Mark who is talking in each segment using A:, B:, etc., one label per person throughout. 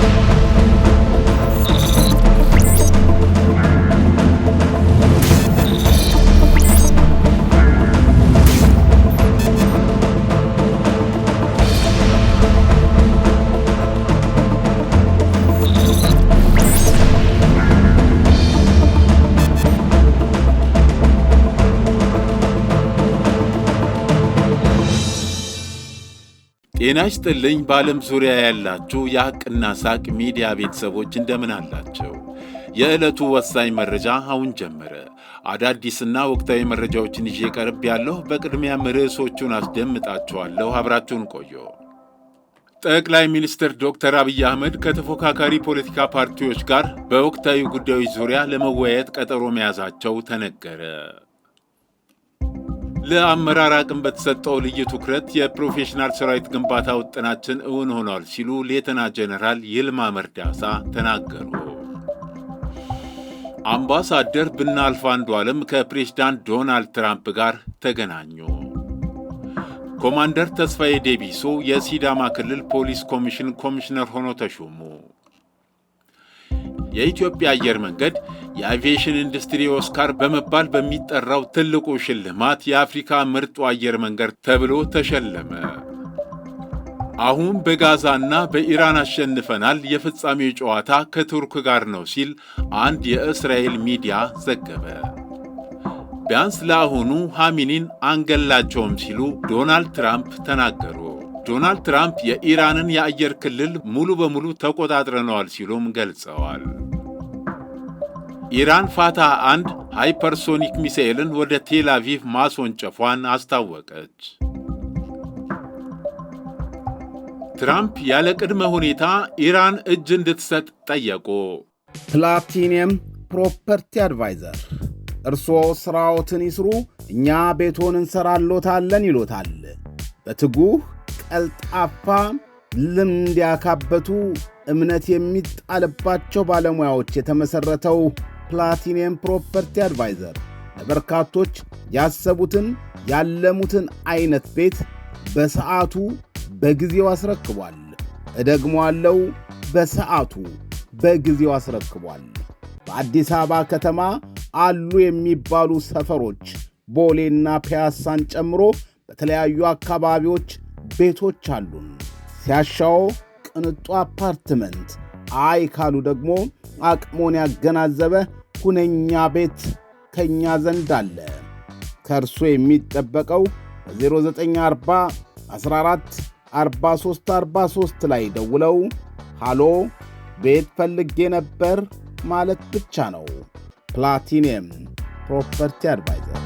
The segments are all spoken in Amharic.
A: Thank you. ጤና ይስጥልኝ በዓለም ዙሪያ ያላችሁ የሐቅና ሳቅ ሚዲያ ቤተሰቦች እንደምን አላቸው? የዕለቱ ወሳኝ መረጃ አሁን ጀመረ። አዳዲስና ወቅታዊ መረጃዎችን ይዤ ቀርብ ያለሁ። በቅድሚያም ርዕሶቹን አስደምጣችኋለሁ። አብራችሁን ቆዩ። ጠቅላይ ሚኒስትር ዶክተር አብይ አህመድ ከተፎካካሪ ፖለቲካ ፓርቲዎች ጋር በወቅታዊ ጉዳዮች ዙሪያ ለመወያየት ቀጠሮ መያዛቸው ተነገረ። ለአመራር አቅም በተሰጠው ልዩ ትኩረት የፕሮፌሽናል ሰራዊት ግንባታ ውጥናችን እውን ሆኗል ሲሉ ሌተና ጀነራል ይልማ መርዳሳ ተናገሩ። አምባሳደር ብናልፍ አንዱ ዓለም ከፕሬዝዳንት ዶናልድ ትራምፕ ጋር ተገናኙ። ኮማንደር ተስፋዬ ዴቢሶ የሲዳማ ክልል ፖሊስ ኮሚሽን ኮሚሽነር ሆኖ ተሾሙ። የኢትዮጵያ አየር መንገድ የአቪዬሽን ኢንዱስትሪ ኦስካር በመባል በሚጠራው ትልቁ ሽልማት የአፍሪካ ምርጡ አየር መንገድ ተብሎ ተሸለመ። አሁን በጋዛና በኢራን አሸንፈናል፣ የፍጻሜው ጨዋታ ከቱርክ ጋር ነው ሲል አንድ የእስራኤል ሚዲያ ዘገበ። ቢያንስ ለአሁኑ ሐሚኒን አንገላቸውም ሲሉ ዶናልድ ትራምፕ ተናገሩ። ዶናልድ ትራምፕ የኢራንን የአየር ክልል ሙሉ በሙሉ ተቆጣጥረነዋል ሲሉም ገልጸዋል። ኢራን ፋታ አንድ ሃይፐርሶኒክ ሚሳኤልን ወደ ቴል አቪቭ ማስወንጨፏን አስታወቀች። ትራምፕ ያለ ቅድመ ሁኔታ ኢራን እጅ እንድትሰጥ ጠየቁ።
B: ፕላቲኒየም ፕሮፐርቲ አድቫይዘር እርስዎ ሥራዎትን ይስሩ፣ እኛ ቤቶን እንሰራሎታለን ይሎታል። በትጉህ ቀልጣፋ ልምድ ያካበቱ እምነት የሚጣልባቸው ባለሙያዎች የተመሠረተው ፕላቲኒየም ፕሮፐርቲ አድቫይዘር ለበርካቶች ያሰቡትን ያለሙትን አይነት ቤት በሰዓቱ በጊዜው አስረክቧል። እደግሟለው፣ በሰዓቱ በጊዜው አስረክቧል። በአዲስ አበባ ከተማ አሉ የሚባሉ ሰፈሮች ቦሌና ፒያሳን ጨምሮ በተለያዩ አካባቢዎች ቤቶች አሉን። ሲያሻው ቅንጡ አፓርትመንት፣ አይ ካሉ ደግሞ አቅሞን ያገናዘበ ሁነኛ ቤት ከእኛ ዘንድ አለ። ከእርሶ የሚጠበቀው በ 43 43 ላይ ደውለው ሃሎ ቤት ፈልጌ ነበር ማለት ብቻ ነው። ፕላቲኒየም ፕሮፐርቲ አድቫይዘር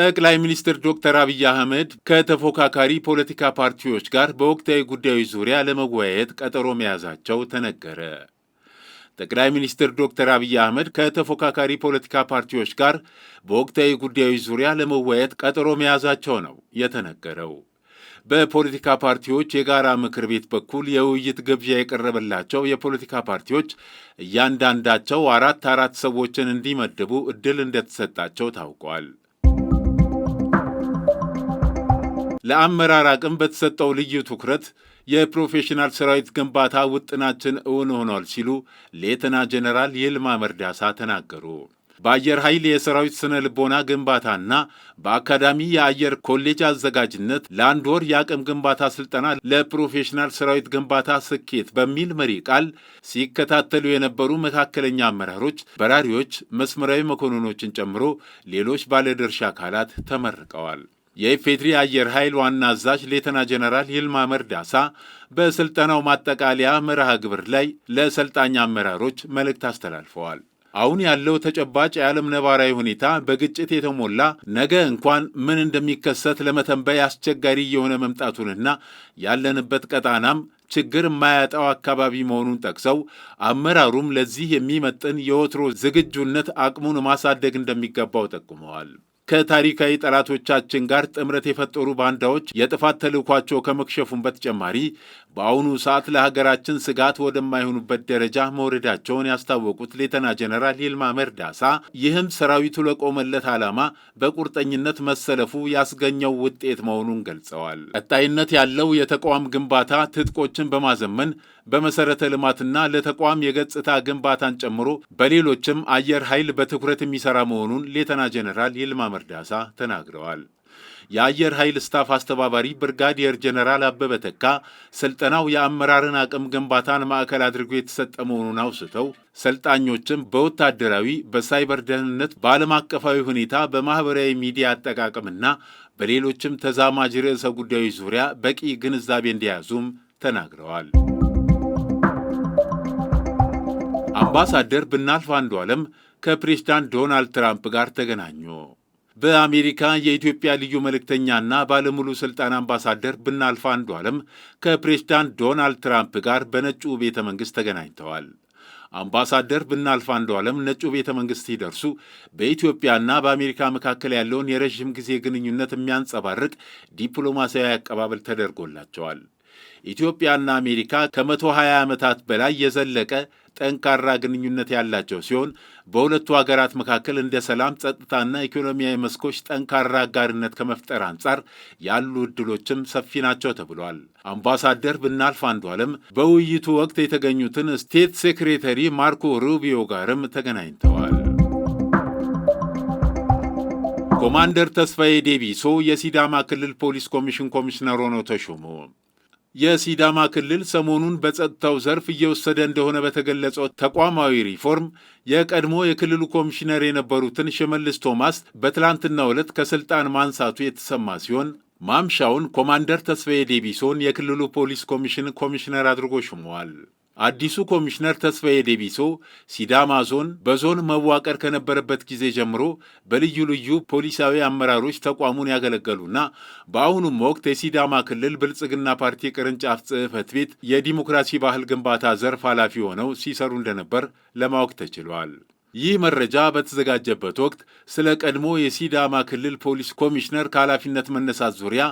A: ጠቅላይ ሚኒስትር ዶክተር አብይ አህመድ ከተፎካካሪ ፖለቲካ ፓርቲዎች ጋር በወቅታዊ ጉዳዮች ዙሪያ ለመወያየት ቀጠሮ መያዛቸው ተነገረ። ጠቅላይ ሚኒስትር ዶክተር አብይ አህመድ ከተፎካካሪ ፖለቲካ ፓርቲዎች ጋር በወቅታዊ ጉዳዮች ዙሪያ ለመወያየት ቀጠሮ መያዛቸው ነው የተነገረው። በፖለቲካ ፓርቲዎች የጋራ ምክር ቤት በኩል የውይይት ግብዣ የቀረበላቸው የፖለቲካ ፓርቲዎች እያንዳንዳቸው አራት አራት ሰዎችን እንዲመድቡ እድል እንደተሰጣቸው ታውቋል። ለአመራር አቅም በተሰጠው ልዩ ትኩረት የፕሮፌሽናል ሰራዊት ግንባታ ውጥናችን እውን ሆኗል ሲሉ ሌተና ጀነራል ይልማ መርዳሳ ተናገሩ። በአየር ኃይል የሰራዊት ስነ ልቦና ግንባታና በአካዳሚ የአየር ኮሌጅ አዘጋጅነት ለአንድ ወር የአቅም ግንባታ ስልጠና ለፕሮፌሽናል ሰራዊት ግንባታ ስኬት በሚል መሪ ቃል ሲከታተሉ የነበሩ መካከለኛ አመራሮች፣ በራሪዎች፣ መስመራዊ መኮንኖችን ጨምሮ ሌሎች ባለድርሻ አካላት ተመርቀዋል። የኢፌድሪ አየር ኃይል ዋና አዛዥ ሌተና ጀነራል ይልማ መርዳሳ በስልጠናው ማጠቃለያ መርሃ ግብር ላይ ለሰልጣኝ አመራሮች መልእክት አስተላልፈዋል። አሁን ያለው ተጨባጭ የዓለም ነባራዊ ሁኔታ በግጭት የተሞላ ነገ እንኳን ምን እንደሚከሰት ለመተንበይ አስቸጋሪ የሆነ መምጣቱንና ያለንበት ቀጣናም ችግር የማያጣው አካባቢ መሆኑን ጠቅሰው አመራሩም ለዚህ የሚመጥን የወትሮ ዝግጁነት አቅሙን ማሳደግ እንደሚገባው ጠቁመዋል። ከታሪካዊ ጠላቶቻችን ጋር ጥምረት የፈጠሩ ባንዳዎች የጥፋት ተልኳቸው ከመክሸፉን በተጨማሪ በአሁኑ ሰዓት ለሀገራችን ስጋት ወደማይሆኑበት ደረጃ መውረዳቸውን ያስታወቁት ሌተና ጀነራል ይልማ መርዳሳ ይህም ሰራዊቱ ለቆመለት ዓላማ በቁርጠኝነት መሰለፉ ያስገኘው ውጤት መሆኑን ገልጸዋል። ቀጣይነት ያለው የተቋም ግንባታ ትጥቆችን በማዘመን በመሰረተ ልማትና ለተቋም የገጽታ ግንባታን ጨምሮ በሌሎችም አየር ኃይል በትኩረት የሚሰራ መሆኑን ሌተና ጀነራል ይልማ መርዳሳ ተናግረዋል። የአየር ኃይል ስታፍ አስተባባሪ ብርጋዲየር ጀነራል አበበ ተካ ስልጠናው የአመራርን አቅም ግንባታን ማዕከል አድርጎ የተሰጠ መሆኑን አውስተው ሰልጣኞችም በወታደራዊ፣ በሳይበር ደህንነት፣ በዓለም አቀፋዊ ሁኔታ፣ በማኅበራዊ ሚዲያ አጠቃቀምና በሌሎችም ተዛማጅ ርዕሰ ጉዳዮች ዙሪያ በቂ ግንዛቤ እንዲያዙም ተናግረዋል። አምባሳደር ብናልፍ አንዱ ዓለም ከፕሬዝዳንት ዶናልድ ትራምፕ ጋር ተገናኙ። በአሜሪካ የኢትዮጵያ ልዩ መልእክተኛና ባለሙሉ ስልጣን አምባሳደር ብናልፍ ዓለም ከፕሬዝዳንት ዶናልድ ትራምፕ ጋር በነጩ ቤተ መንግሥት ተገናኝተዋል። አምባሳደር ብናልፍ አንዱዓለም ነጩ ቤተ መንግሥት ሲደርሱ በኢትዮጵያና በአሜሪካ መካከል ያለውን የረዥም ጊዜ ግንኙነት የሚያንጸባርቅ ዲፕሎማሲያዊ አቀባበል ተደርጎላቸዋል። ኢትዮጵያና አሜሪካ ከ120 ዓመታት በላይ የዘለቀ ጠንካራ ግንኙነት ያላቸው ሲሆን በሁለቱ ሀገራት መካከል እንደ ሰላም፣ ጸጥታና ኢኮኖሚያዊ መስኮች ጠንካራ አጋርነት ከመፍጠር አንጻር ያሉ እድሎችም ሰፊ ናቸው ተብሏል። አምባሳደር ብናልፍ አንዱ ዓለም በውይይቱ ወቅት የተገኙትን ስቴት ሴክሬተሪ ማርኮ ሩቢዮ ጋርም ተገናኝተዋል። ኮማንደር ተስፋዬ ዴቢሶ የሲዳማ ክልል ፖሊስ ኮሚሽን ኮሚሽነር ሆነው ተሾሙ። የሲዳማ ክልል ሰሞኑን በጸጥታው ዘርፍ እየወሰደ እንደሆነ በተገለጸው ተቋማዊ ሪፎርም የቀድሞ የክልሉ ኮሚሽነር የነበሩትን ሽመልስ ቶማስ በትላንትናው ዕለት ከስልጣን ማንሳቱ የተሰማ ሲሆን ማምሻውን ኮማንደር ተስፋዬ ዴቢሶን የክልሉ ፖሊስ ኮሚሽን ኮሚሽነር አድርጎ ሹመዋል። አዲሱ ኮሚሽነር ተስፋዬ ዴቢሶ ሲዳማ ዞን በዞን መዋቀር ከነበረበት ጊዜ ጀምሮ በልዩ ልዩ ፖሊሳዊ አመራሮች ተቋሙን ያገለገሉና በአሁኑም ወቅት የሲዳማ ክልል ብልጽግና ፓርቲ ቅርንጫፍ ጽህፈት ቤት የዲሞክራሲ ባህል ግንባታ ዘርፍ ኃላፊ ሆነው ሲሰሩ እንደነበር ለማወቅ ተችሏል። ይህ መረጃ በተዘጋጀበት ወቅት ስለ ቀድሞ የሲዳማ ክልል ፖሊስ ኮሚሽነር ከኃላፊነት መነሳት ዙሪያ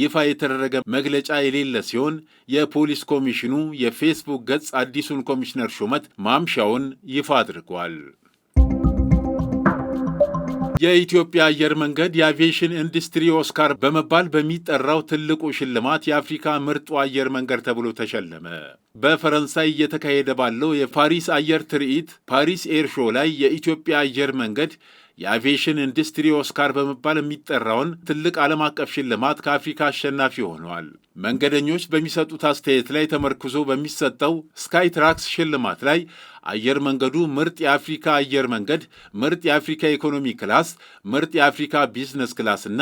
A: ይፋ የተደረገ መግለጫ የሌለ ሲሆን የፖሊስ ኮሚሽኑ የፌስቡክ ገጽ አዲሱን ኮሚሽነር ሹመት ማምሻውን ይፋ አድርጓል። የኢትዮጵያ አየር መንገድ የአቪዬሽን ኢንዱስትሪ ኦስካር በመባል በሚጠራው ትልቁ ሽልማት የአፍሪካ ምርጡ አየር መንገድ ተብሎ ተሸለመ። በፈረንሳይ እየተካሄደ ባለው የፓሪስ አየር ትርኢት ፓሪስ ኤርሾ ላይ የኢትዮጵያ አየር መንገድ የአቪዬሽን ኢንዱስትሪ ኦስካር በመባል የሚጠራውን ትልቅ ዓለም አቀፍ ሽልማት ከአፍሪካ አሸናፊ ሆነዋል። መንገደኞች በሚሰጡት አስተያየት ላይ ተመርክዞ በሚሰጠው ስካይ ትራክስ ሽልማት ላይ አየር መንገዱ ምርጥ የአፍሪካ አየር መንገድ፣ ምርጥ የአፍሪካ ኢኮኖሚ ክላስ፣ ምርጥ የአፍሪካ ቢዝነስ ክላስ እና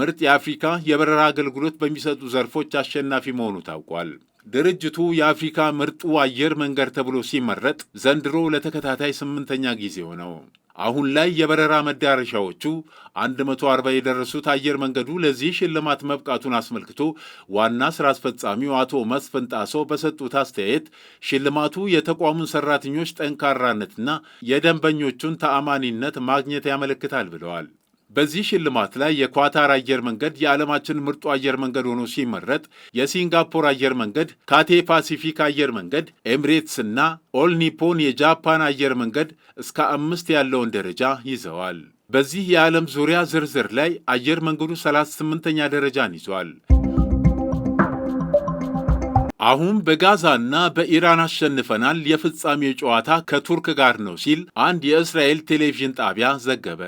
A: ምርጥ የአፍሪካ የበረራ አገልግሎት በሚሰጡ ዘርፎች አሸናፊ መሆኑ ታውቋል። ድርጅቱ የአፍሪካ ምርጡ አየር መንገድ ተብሎ ሲመረጥ ዘንድሮ ለተከታታይ ስምንተኛ ጊዜው ነው። አሁን ላይ የበረራ መዳረሻዎቹ 140 የደረሱት አየር መንገዱ ለዚህ ሽልማት መብቃቱን አስመልክቶ ዋና ስራ አስፈጻሚው አቶ መስፍን ጣሰው በሰጡት አስተያየት ሽልማቱ የተቋሙን ሰራተኞች ጠንካራነትና የደንበኞቹን ተአማኒነት ማግኘት ያመለክታል ብለዋል። በዚህ ሽልማት ላይ የኳታር አየር መንገድ የዓለማችን ምርጡ አየር መንገድ ሆኖ ሲመረጥ የሲንጋፖር አየር መንገድ፣ ካቴ ፓሲፊክ አየር መንገድ፣ ኤምሬትስ እና ኦልኒፖን፣ የጃፓን አየር መንገድ እስከ አምስት ያለውን ደረጃ ይዘዋል። በዚህ የዓለም ዙሪያ ዝርዝር ላይ አየር መንገዱ 38ኛ ደረጃን ይዟል። አሁን በጋዛና በኢራን አሸንፈናል፣ የፍጻሜው ጨዋታ ከቱርክ ጋር ነው ሲል አንድ የእስራኤል ቴሌቪዥን ጣቢያ ዘገበ።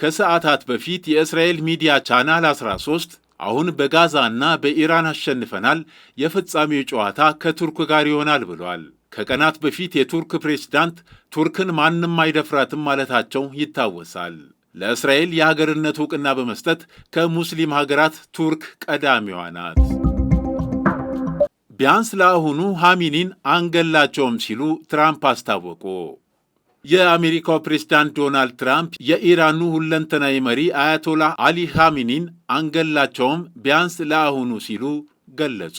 A: ከሰዓታት በፊት የእስራኤል ሚዲያ ቻናል 13 አሁን በጋዛ እና በኢራን አሸንፈናል፣ የፍጻሜው ጨዋታ ከቱርክ ጋር ይሆናል ብሏል። ከቀናት በፊት የቱርክ ፕሬዝዳንት ቱርክን ማንም አይደፍራትም ማለታቸው ይታወሳል። ለእስራኤል የሀገርነት ዕውቅና በመስጠት ከሙስሊም ሀገራት ቱርክ ቀዳሚዋ ናት። ቢያንስ ለአሁኑ ሐሚኒን አንገላቸውም ሲሉ ትራምፕ አስታወቁ። የአሜሪካው ፕሬዝዳንት ዶናልድ ትራምፕ የኢራኑ ሁለንተናዊ መሪ አያቶላህ አሊ ሃሚኒን አንገላቸውም ቢያንስ ለአሁኑ ሲሉ ገለጹ።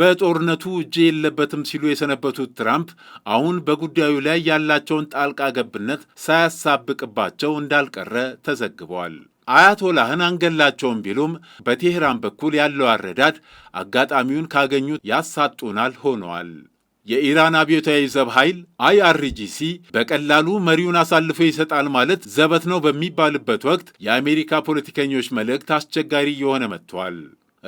A: በጦርነቱ እጅ የለበትም ሲሉ የሰነበቱት ትራምፕ አሁን በጉዳዩ ላይ ያላቸውን ጣልቃ ገብነት ሳያሳብቅባቸው እንዳልቀረ ተዘግቧል። አያቶላህን አንገላቸውም ቢሉም በቴህራን በኩል ያለው አረዳድ አጋጣሚውን ካገኙት ያሳጡናል ሆነዋል። የኢራን አብዮታዊ ዘብ ኃይል አይአርጂሲ በቀላሉ መሪውን አሳልፎ ይሰጣል ማለት ዘበት ነው በሚባልበት ወቅት የአሜሪካ ፖለቲከኞች መልእክት አስቸጋሪ እየሆነ መጥቷል።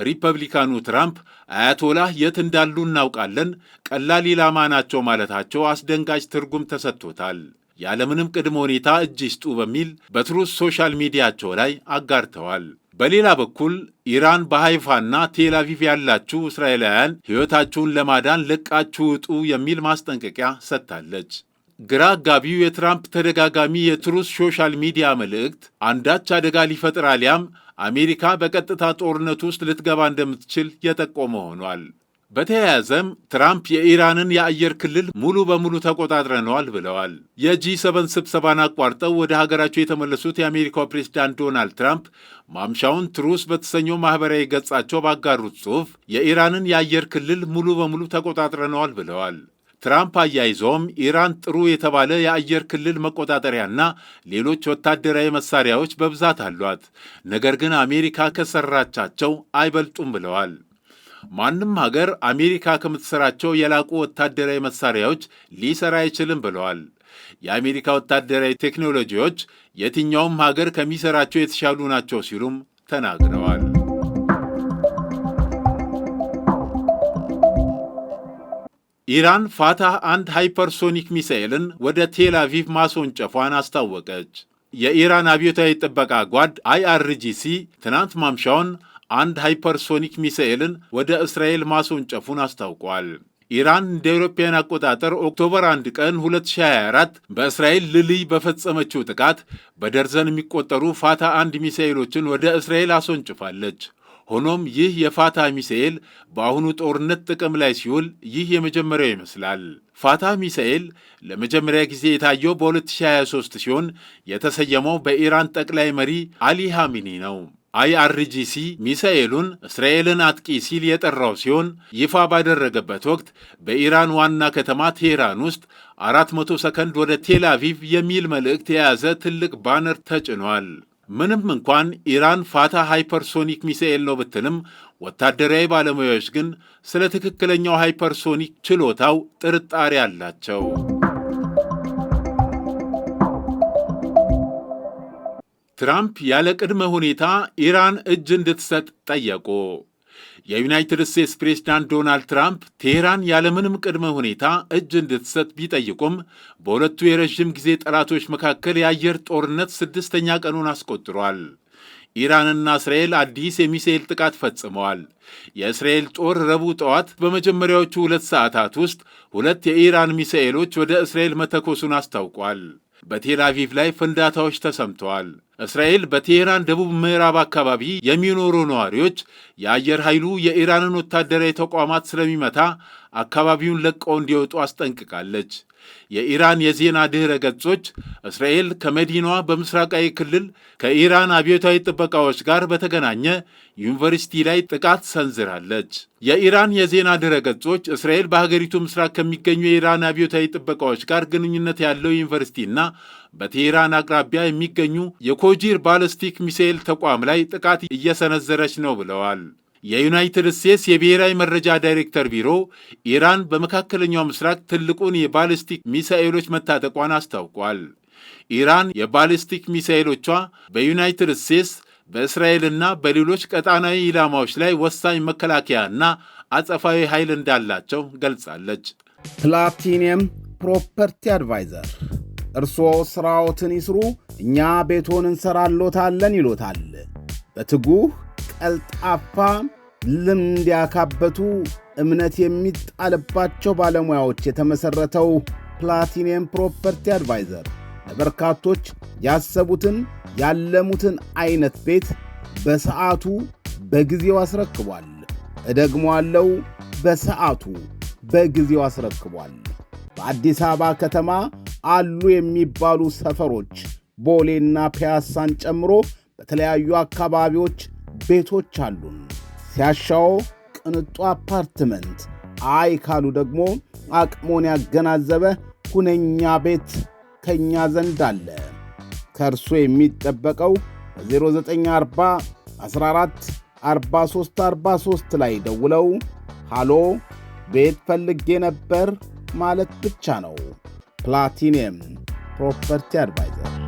A: ሪፐብሊካኑ ትራምፕ አያቶላህ የት እንዳሉ እናውቃለን፣ ቀላል ኢላማ ናቸው ማለታቸው አስደንጋጭ ትርጉም ተሰጥቶታል። ያለምንም ቅድመ ሁኔታ እጅ ይስጡ በሚል በትሩስ ሶሻል ሚዲያቸው ላይ አጋርተዋል። በሌላ በኩል ኢራን በሃይፋና ቴል አቪቭ ያላችሁ እስራኤላውያን ሕይወታችሁን ለማዳን ለቃችሁ ውጡ የሚል ማስጠንቀቂያ ሰጥታለች። ግራ አጋቢው የትራምፕ ተደጋጋሚ የትሩስ ሶሻል ሚዲያ መልእክት አንዳች አደጋ ሊፈጥር አሊያም አሜሪካ በቀጥታ ጦርነት ውስጥ ልትገባ እንደምትችል የጠቆመ ሆኗል። በተያያዘም ትራምፕ የኢራንን የአየር ክልል ሙሉ በሙሉ ተቆጣጥረነዋል ብለዋል። የጂ ሰበን ስብሰባን አቋርጠው ወደ ሀገራቸው የተመለሱት የአሜሪካው ፕሬዚዳንት ዶናልድ ትራምፕ ማምሻውን ትሩስ በተሰኘው ማኅበራዊ ገጻቸው ባጋሩት ጽሑፍ የኢራንን የአየር ክልል ሙሉ በሙሉ ተቆጣጥረነዋል ብለዋል። ትራምፕ አያይዘውም ኢራን ጥሩ የተባለ የአየር ክልል መቆጣጠሪያና ሌሎች ወታደራዊ መሳሪያዎች በብዛት አሏት፣ ነገር ግን አሜሪካ ከሰራቻቸው አይበልጡም ብለዋል። ማንም ሀገር አሜሪካ ከምትሰራቸው የላቁ ወታደራዊ መሳሪያዎች ሊሰራ አይችልም ብለዋል። የአሜሪካ ወታደራዊ ቴክኖሎጂዎች የትኛውም ሀገር ከሚሰራቸው የተሻሉ ናቸው ሲሉም ተናግረዋል። ኢራን ፋታህ አንድ ሃይፐርሶኒክ ሚሳኤልን ወደ ቴል አቪቭ ማስወንጨፏን አስታወቀች። የኢራን አብዮታዊ ጥበቃ ጓድ አይአርጂሲ ትናንት ማምሻውን አንድ ሃይፐርሶኒክ ሚሳኤልን ወደ እስራኤል ማስወንጨፉን አስታውቋል። ኢራን እንደ አውሮፓውያን አቆጣጠር ኦክቶበር 1 ቀን 2024 በእስራኤል ልልይ በፈጸመችው ጥቃት በደርዘን የሚቆጠሩ ፋታ አንድ ሚሳኤሎችን ወደ እስራኤል አስወንጭፋለች። ሆኖም ይህ የፋታ ሚሳኤል በአሁኑ ጦርነት ጥቅም ላይ ሲውል ይህ የመጀመሪያው ይመስላል። ፋታ ሚሳኤል ለመጀመሪያ ጊዜ የታየው በ2023 ሲሆን የተሰየመው በኢራን ጠቅላይ መሪ አሊ ሃሚኒ ነው። አይአርጂሲ ሚሳኤሉን እስራኤልን አጥቂ ሲል የጠራው ሲሆን ይፋ ባደረገበት ወቅት በኢራን ዋና ከተማ ቴህራን ውስጥ 400 ሰከንድ ወደ ቴል አቪቭ የሚል መልእክት የያዘ ትልቅ ባነር ተጭኗል። ምንም እንኳን ኢራን ፋታ ሃይፐርሶኒክ ሚሳኤል ነው ብትልም ወታደራዊ ባለሙያዎች ግን ስለ ትክክለኛው ሃይፐርሶኒክ ችሎታው ጥርጣሬ አላቸው። ትራምፕ ያለ ቅድመ ሁኔታ ኢራን እጅ እንድትሰጥ ጠየቁ። የዩናይትድ ስቴትስ ፕሬዝዳንት ዶናልድ ትራምፕ ቴሄራን ያለምንም ቅድመ ሁኔታ እጅ እንድትሰጥ ቢጠይቁም በሁለቱ የረዥም ጊዜ ጠላቶች መካከል የአየር ጦርነት ስድስተኛ ቀኑን አስቆጥሯል። ኢራንና እስራኤል አዲስ የሚሳኤል ጥቃት ፈጽመዋል። የእስራኤል ጦር ረቡዕ ጠዋት በመጀመሪያዎቹ ሁለት ሰዓታት ውስጥ ሁለት የኢራን ሚሳኤሎች ወደ እስራኤል መተኮሱን አስታውቋል። በቴል አቪቭ ላይ ፍንዳታዎች ተሰምተዋል። እስራኤል በቴሄራን ደቡብ ምዕራብ አካባቢ የሚኖሩ ነዋሪዎች የአየር ኃይሉ የኢራንን ወታደራዊ ተቋማት ስለሚመታ አካባቢውን ለቀው እንዲወጡ አስጠንቅቃለች። የኢራን የዜና ድኅረ ገጾች እስራኤል ከመዲናዋ በምስራቃዊ ክልል ከኢራን አብዮታዊ ጥበቃዎች ጋር በተገናኘ ዩኒቨርሲቲ ላይ ጥቃት ሰንዝራለች። የኢራን የዜና ድረ ገጾች እስራኤል በሀገሪቱ ምስራቅ ከሚገኙ የኢራን አብዮታዊ ጥበቃዎች ጋር ግንኙነት ያለው ዩኒቨርሲቲና በቴሄራን አቅራቢያ የሚገኙ የኮጂር ባለስቲክ ሚሳኤል ተቋም ላይ ጥቃት እየሰነዘረች ነው ብለዋል። የዩናይትድ ስቴትስ የብሔራዊ መረጃ ዳይሬክተር ቢሮ ኢራን በመካከለኛው ምስራቅ ትልቁን የባሊስቲክ ሚሳኤሎች መታጠቋን አስታውቋል። ኢራን የባሊስቲክ ሚሳኤሎቿ በዩናይትድ ስቴትስ በእስራኤልና በሌሎች ቀጣናዊ ኢላማዎች ላይ ወሳኝ መከላከያና አጸፋዊ ኃይል እንዳላቸው ገልጻለች።
B: ፕላቲኒየም ፕሮፐርቲ አድቫይዘር እርስዎ ሥራዎትን ይስሩ፣ እኛ ቤቶን እንሰራሎታለን ይሎታል። በትጉህ ቀልጣፋ ልምድ ያካበቱ እምነት የሚጣልባቸው ባለሙያዎች የተመሠረተው ፕላቲኒየም ፕሮፐርቲ አድቫይዘር ለበርካቶች ያሰቡትን ያለሙትን አይነት ቤት በሰዓቱ በጊዜው አስረክቧል። እደግሟለው፣ በሰዓቱ በጊዜው አስረክቧል። በአዲስ አበባ ከተማ አሉ የሚባሉ ሰፈሮች ቦሌና ፒያሳን ጨምሮ በተለያዩ አካባቢዎች ቤቶች አሉን። ሲያሻው ቅንጡ አፓርትመንት፣ አይ ካሉ ደግሞ አቅሞን ያገናዘበ ሁነኛ ቤት ከእኛ ዘንድ አለ። ከእርሶ የሚጠበቀው በ 43 43 ላይ ደውለው ሃሎ ቤት ፈልጌ ነበር ማለት ብቻ ነው። ፕላቲኒየም ፕሮፐርቲ አድቫይዘር